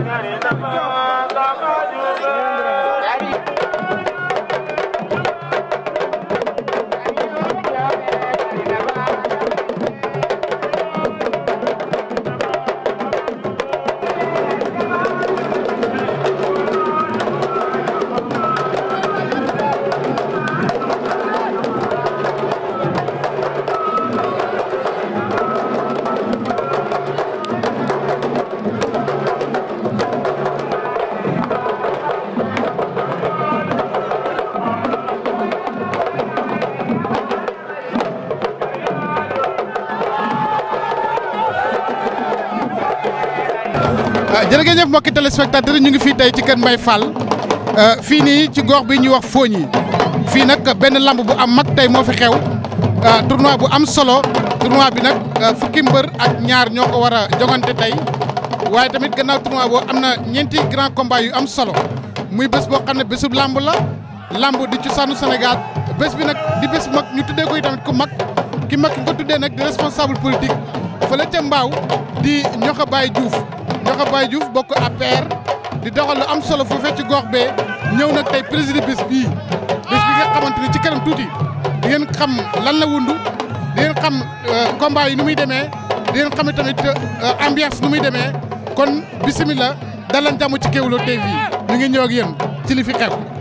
Margarida Mãe. jërëngeen ñëpp mbokki téléspectateur yi ñu ngi fii tey ci kër Mbaye Fall euh, fii nii ci gox bi ñuy wax Fogny fii nag benn lamb bu am mag tey moo fi xew euh, tournoi bu am solo tournoi bi nag euh, fukki mbër ak ñaar ñoo ko war a jongante tey waaye tamit gannaaw tournoi boo am na ñeenti grand combat yu am solo muy bés boo xam ne bésub lamb la lamb di cosaanu Sénégal bés bi nag di bés mag ñu tuddee ko yi tamit ku mag ki mag ki ko tuddee nag di responsable politique fële ca di ñox a Baye Jaxa Baye Diouf bokk APR di doxal lu am solo foofee ci gox bee ñëw nag tey président bis bi bis bi nga xamanteni ni ci kanam tuuti di ngeen xam lan la wundu di ngeen xam euh, combat yi numuy démé di ngeen xam tamit euh, ambiance numuy démé demee kon bisimilah dalan jamu ci Kéwoulo TV ñu ngi ñëw ak yeen ci li fi xew.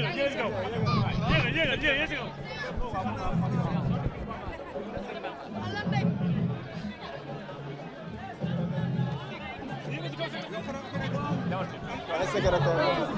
Let's let's go! go! Parece que era todo.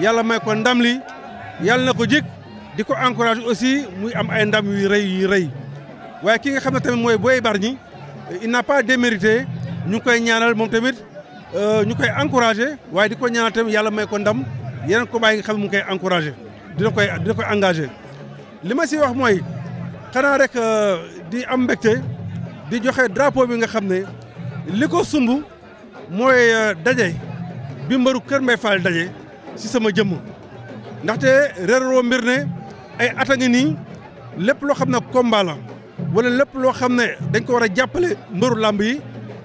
yàlla may ko ndam li yàlla na ko jik di ko encouragé aussi muy am ay ndam wi rey yu rëy waaye ki nga xam ne tamit mooy Boy Bargny il n'a pas démérité ñu koy ñaanal moom tamit euh, ñu koy encouragé waaye di ko ñaanal tamit yàlla may ko ndam yeneen ko bàyyi nga xam ne mu koy encouragé dina koy dina koy engagé li ma si wax mooy xanaa rek euh, di am mbégte di joxe drapeau bi nga xam ne li ko sumb mooy euh, daje bi mbaru Kër Mbaye Fall daje si sama jëmm ndaxte réeroo mbir ne ay at a ngi nii lépp loo xam ne combat la wala lépp loo xam ne dañ ko war a jàppale mbëru làmb yi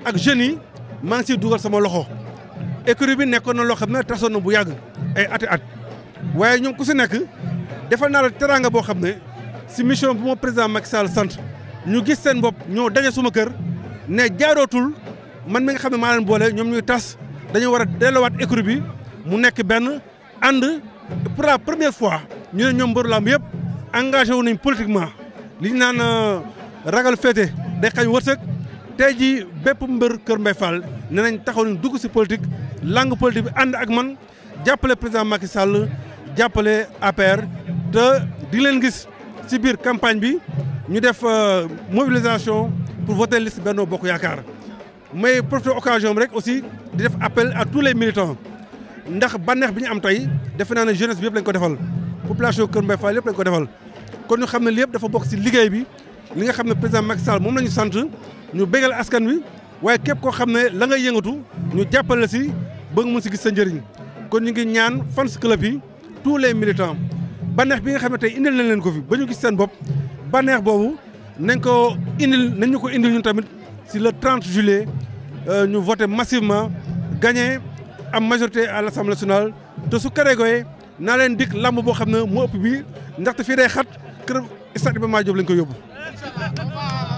ak jeunes yi maa ngi siy dugal sama loxo écurie bi nekkoon na loo xam ne tasoon na bu yàgg ay ati at waaye ñoom ku si nekk defal naa la teraanga boo xam ne si mission bu ma président Macky Sall sant ñu gis seen bopp ñoo daje suma kër ne jaarootul man mi nga xam ne maa leen boole ñoom ñuy tas dañu war a delluwaat écurie bi mu pour la première fois ñu ne nous engagé politiquement li ñaan euh, ragal day Fall taxaw politique langue politique bi président Macky Sall APR di leen gis biir campagne bi ñu euh, mobilisation pour voter liste Benno Bokk yakar mais occasion rek aussi di appel à tous les militants ndax banex biñu am tay def na ne jeunesse bi yëpp lañ ko defal population keur Mbaye Fall yëpp lañ ko defal kon ñu xamné ne dafa bok ci liggéey bi li nga xamné président Macky Sall moom lañu sante ñu bégal askan wi waaye képp ko xamné la nga yëngatu ñu jàppale la si ba nga mun si gis sa njëriñ kon ñu ngi ñaan fans club yi tous les militants banex bi nga xamné tay indil nañ leen ko fi ba ñu gis seen bop banex bobu nañ ko indil nañ ko indil ñun tamit ci le 30 juillet euh, ñu voté massivement gagné. am majorité à l'Assemblée nationale te su keregoyee naa leen dikk lamb boo xam ne moo ëpp bii ndaxte fii day xat kër stade Iba Mar Diop lañ ko yóbbu